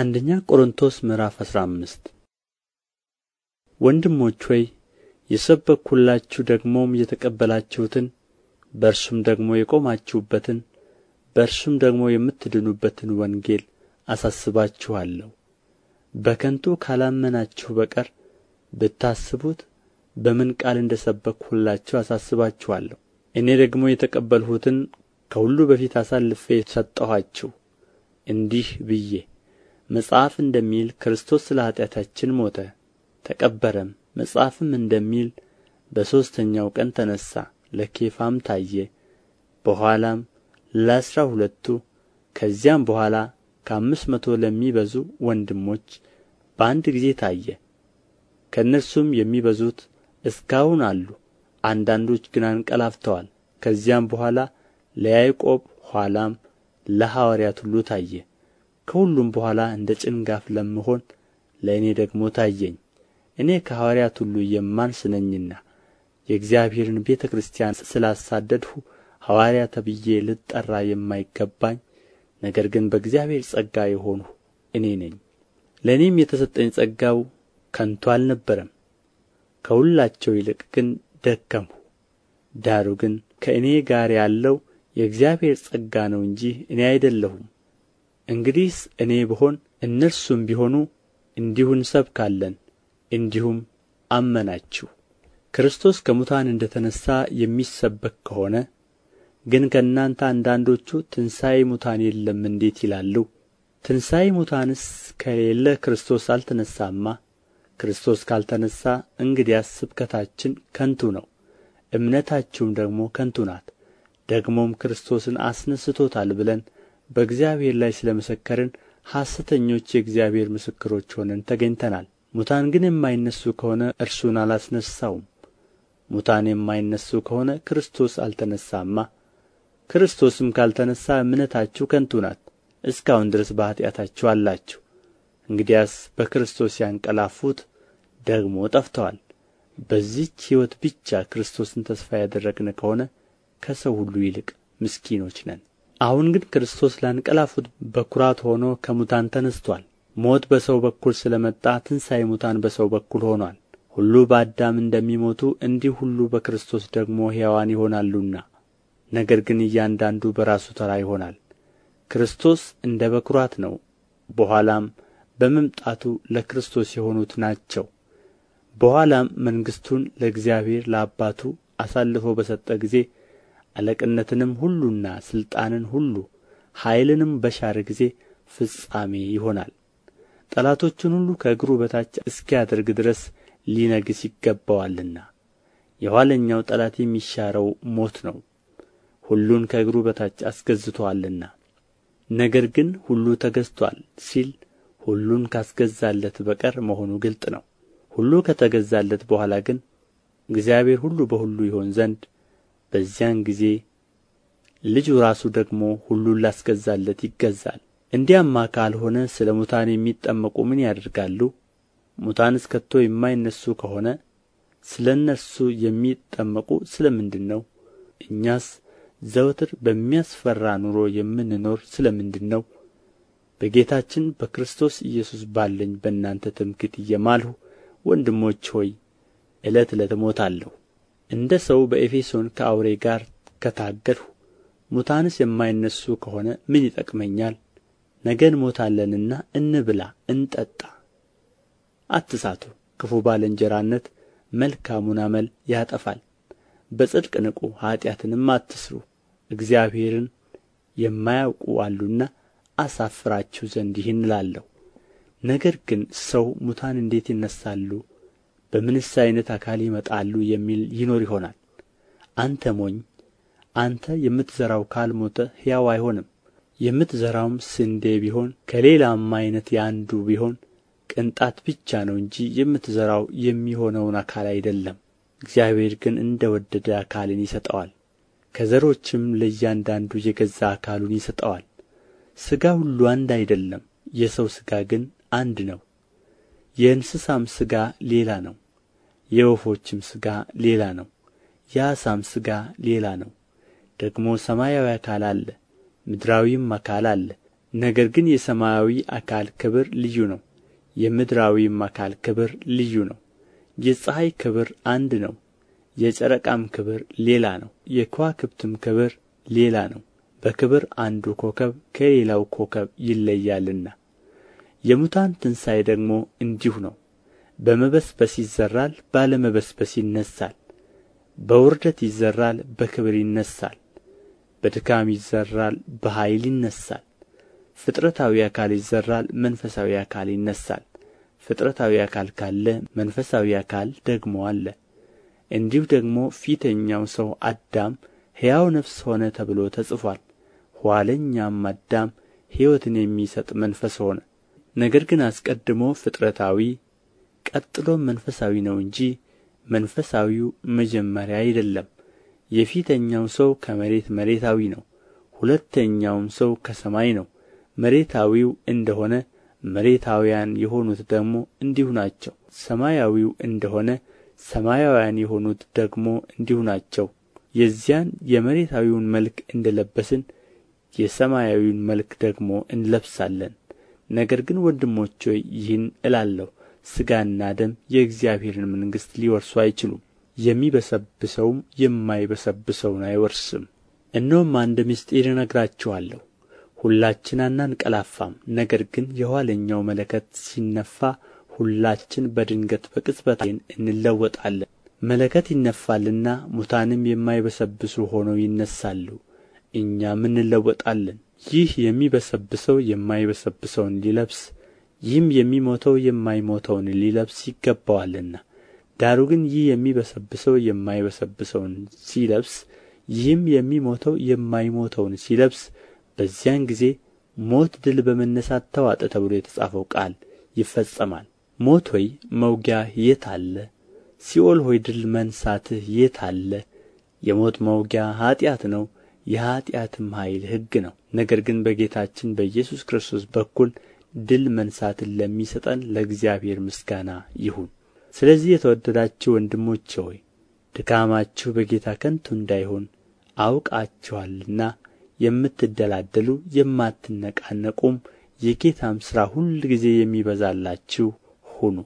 አንደኛ ቆሮንቶስ ምዕራፍ 15 ወንድሞች ሆይ የሰበኩላችሁ ደግሞም የተቀበላችሁትን በእርሱም ደግሞ የቆማችሁበትን በእርሱም ደግሞ የምትድኑበትን ወንጌል አሳስባችኋለሁ። በከንቱ ካላመናችሁ በቀር ብታስቡት በምን ቃል እንደ ሰበክሁላችሁ አሳስባችኋለሁ። እኔ ደግሞ የተቀበልሁትን ከሁሉ በፊት አሳልፌ ሰጠኋችሁ እንዲህ ብዬ መጽሐፍ እንደሚል ክርስቶስ ስለ ኃጢአታችን ሞተ ተቀበረም መጽሐፍም እንደሚል በሦስተኛው ቀን ተነሣ ለኬፋም ታየ በኋላም ለአሥራ ሁለቱ ከዚያም በኋላ ከአምስት መቶ ለሚበዙ ወንድሞች በአንድ ጊዜ ታየ ከእነርሱም የሚበዙት እስካሁን አሉ አንዳንዶች ግን አንቀላፍተዋል ከዚያም በኋላ ለያዕቆብ ኋላም ለሐዋርያት ሁሉ ታየ ከሁሉም በኋላ እንደ ጭንጋፍ ለምሆን ለእኔ ደግሞ ታየኝ እኔ ከሐዋርያት ሁሉ የማንስ ነኝና የእግዚአብሔርን ቤተ ክርስቲያን ስላሳደድሁ ሐዋርያ ተብዬ ልጠራ የማይገባኝ ነገር ግን በእግዚአብሔር ጸጋ የሆንሁ እኔ ነኝ ለእኔም የተሰጠኝ ጸጋው ከንቱ አልነበረም ከሁላቸው ይልቅ ግን ደከምሁ ዳሩ ግን ከእኔ ጋር ያለው የእግዚአብሔር ጸጋ ነው እንጂ እኔ አይደለሁም እንግዲህስ እኔ ብሆን እነርሱም ቢሆኑ እንዲሁ እንሰብካለን እንዲሁም አመናችሁ ክርስቶስ ከሙታን እንደ ተነሣ የሚሰበክ ከሆነ ግን ከእናንተ አንዳንዶቹ ትንሣኤ ሙታን የለም እንዴት ይላሉ? ትንሣኤ ሙታንስ ከሌለ ክርስቶስ አልተነሣማ። ክርስቶስ ካልተነሣ እንግዲያስ ስብከታችን ከንቱ ነው፣ እምነታችሁም ደግሞ ከንቱ ናት። ደግሞም ክርስቶስን አስነስቶታል ብለን በእግዚአብሔር ላይ ስለ መሰከርን ሐሰተኞች የእግዚአብሔር ምስክሮች ሆነን ተገኝተናል ሙታን ግን የማይነሱ ከሆነ እርሱን አላስነሳውም። ሙታን የማይነሱ ከሆነ ክርስቶስ አልተነሳማ ክርስቶስም ካልተነሳ እምነታችሁ ከንቱ ናት እስካሁን ድረስ በኃጢአታችሁ አላችሁ እንግዲያስ በክርስቶስ ያንቀላፉት ደግሞ ጠፍተዋል በዚች ሕይወት ብቻ ክርስቶስን ተስፋ ያደረግን ከሆነ ከሰው ሁሉ ይልቅ ምስኪኖች ነን አሁን ግን ክርስቶስ ላንቀላፉት በኩራት ሆኖ ከሙታን ተነስቷል። ሞት በሰው በኩል ስለ መጣ ትንሣኤ ሙታን በሰው በኩል ሆኗል። ሁሉ በአዳም እንደሚሞቱ እንዲህ ሁሉ በክርስቶስ ደግሞ ሕያዋን ይሆናሉና ነገር ግን እያንዳንዱ በራሱ ተራ ይሆናል ክርስቶስ እንደ በኩራት ነው በኋላም በመምጣቱ ለክርስቶስ የሆኑት ናቸው በኋላም መንግሥቱን ለእግዚአብሔር ለአባቱ አሳልፎ በሰጠ ጊዜ አለቅነትንም ሁሉና ሥልጣንን ሁሉ ኃይልንም በሻረ ጊዜ ፍጻሜ ይሆናል ጠላቶቹን ሁሉ ከእግሩ በታች እስኪያደርግ ድረስ ሊነግስ ይገባዋልና የኋለኛው ጠላት የሚሻረው ሞት ነው ሁሉን ከእግሩ በታች አስገዝቶአልና ነገር ግን ሁሉ ተገዝቶአል ሲል ሁሉን ካስገዛለት በቀር መሆኑ ግልጥ ነው ሁሉ ከተገዛለት በኋላ ግን እግዚአብሔር ሁሉ በሁሉ ይሆን ዘንድ በዚያን ጊዜ ልጁ ራሱ ደግሞ ሁሉን ላስገዛለት ይገዛል እንዲያማ ካልሆነ ስለ ሙታን የሚጠመቁ ምን ያደርጋሉ ሙታንስ ከቶ የማይነሱ ከሆነ ስለ እነርሱ የሚጠመቁ ስለ ምንድን ነው እኛስ ዘወትር በሚያስፈራ ኑሮ የምንኖር ስለ ምንድን ነው በጌታችን በክርስቶስ ኢየሱስ ባለኝ በእናንተ ትምክህት እየማልሁ ወንድሞች ሆይ ዕለት ዕለት እሞታለሁ እንደ ሰው በኤፌሶን ከአውሬ ጋር ከታገልሁ ሙታንስ የማይነሱ ከሆነ ምን ይጠቅመኛል ነገ እንሞታለንና እንብላ እንጠጣ አትሳቱ ክፉ ባልንጀራነት መልካሙን አመል ያጠፋል በጽድቅ ንቁ ኃጢአትንም አትስሩ እግዚአብሔርን የማያውቁ አሉና አሳፍራችሁ ዘንድ ይህን እላለሁ ነገር ግን ሰው ሙታን እንዴት ይነሣሉ በምንስ ዓይነት አካል ይመጣሉ የሚል ይኖር ይሆናል አንተ ሞኝ አንተ የምትዘራው ካልሞተ ሕያው አይሆንም የምትዘራውም ስንዴ ቢሆን ከሌላም ዓይነት የአንዱ ቢሆን ቅንጣት ብቻ ነው እንጂ የምትዘራው የሚሆነውን አካል አይደለም እግዚአብሔር ግን እንደ ወደደ አካልን ይሰጠዋል ከዘሮችም ለእያንዳንዱ የገዛ አካሉን ይሰጠዋል ሥጋ ሁሉ አንድ አይደለም የሰው ሥጋ ግን አንድ ነው የእንስሳም ሥጋ ሌላ ነው የወፎችም ሥጋ ሌላ ነው የአሳም ሥጋ ሌላ ነው ደግሞ ሰማያዊ አካል አለ ምድራዊም አካል አለ ነገር ግን የሰማያዊ አካል ክብር ልዩ ነው የምድራዊም አካል ክብር ልዩ ነው የፀሐይ ክብር አንድ ነው የጨረቃም ክብር ሌላ ነው የከዋክብትም ክብር ሌላ ነው በክብር አንዱ ኮከብ ከሌላው ኮከብ ይለያልና የሙታን ትንሣኤ ደግሞ እንዲሁ ነው በመበስበስ ይዘራል ባለመበስበስ ይነሣል በውርደት ይዘራል በክብር ይነሣል በድካም ይዘራል በኃይል ይነሣል ፍጥረታዊ አካል ይዘራል መንፈሳዊ አካል ይነሣል ፍጥረታዊ አካል ካለ መንፈሳዊ አካል ደግሞ አለ እንዲሁ ደግሞ ፊተኛው ሰው አዳም ሕያው ነፍስ ሆነ ተብሎ ተጽፏል ኋለኛም አዳም ሕይወትን የሚሰጥ መንፈስ ሆነ ነገር ግን አስቀድሞ ፍጥረታዊ ቀጥሎም መንፈሳዊ ነው እንጂ መንፈሳዊው መጀመሪያ አይደለም የፊተኛው ሰው ከመሬት መሬታዊ ነው ሁለተኛውም ሰው ከሰማይ ነው መሬታዊው እንደሆነ መሬታውያን የሆኑት ደግሞ እንዲሁ ናቸው ሰማያዊው እንደሆነ ሰማያውያን የሆኑት ደግሞ እንዲሁ ናቸው የዚያን የመሬታዊውን መልክ እንደለበስን የሰማያዊውን መልክ ደግሞ እንለብሳለን ነገር ግን ወንድሞች ሆይ ይህን እላለሁ ሥጋና ደም የእግዚአብሔርን መንግሥት ሊወርሱ አይችሉም የሚበሰብሰውም የማይበሰብሰውን አይወርስም እነሆም አንድ ምስጢር እነግራችኋለሁ ሁላችን አናንቀላፋም ነገር ግን የኋለኛው መለከት ሲነፋ ሁላችን በድንገት በቅጽበት ዓይን እንለወጣለን መለከት ይነፋልና ሙታንም የማይበሰብሱ ሆነው ይነሳሉ፣ እኛም እንለወጣለን ይህ የሚበሰብሰው የማይበሰብሰውን ሊለብስ ይህም የሚሞተው የማይሞተውን ሊለብስ ይገባዋልና ዳሩ ግን ይህ የሚበሰብሰው የማይበሰብሰውን ሲለብስ ይህም የሚሞተው የማይሞተውን ሲለብስ በዚያን ጊዜ ሞት ድል በመነሳት ተዋጠ ተብሎ የተጻፈው ቃል ይፈጸማል። ሞት ሆይ መውጊያ የት አለ? ሲኦል ሆይ ድል መንሳትህ የት አለ? የሞት መውጊያ ኀጢአት ነው፣ የኀጢአትም ኃይል ሕግ ነው። ነገር ግን በጌታችን በኢየሱስ ክርስቶስ በኩል ድል መንሣትን ለሚሰጠን ለእግዚአብሔር ምስጋና ይሁን ስለዚህ የተወደዳችሁ ወንድሞቼ ሆይ ድካማችሁ በጌታ ከንቱ እንዳይሆን አውቃችኋልና የምትደላደሉ የማትነቃነቁም የጌታም ሥራ ሁልጊዜ የሚበዛላችሁ ሁኑ